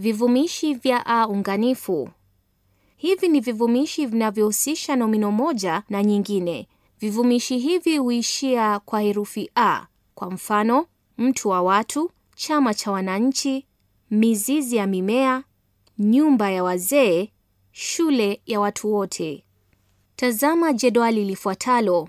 Vivumishi vya a unganifu. Hivi ni vivumishi vinavyohusisha nomino moja na nyingine. Vivumishi hivi huishia kwa herufi a. Kwa mfano, mtu wa watu, chama cha wananchi, mizizi ya mimea, nyumba ya wazee, shule ya watu wote. Tazama jedwali lifuatalo.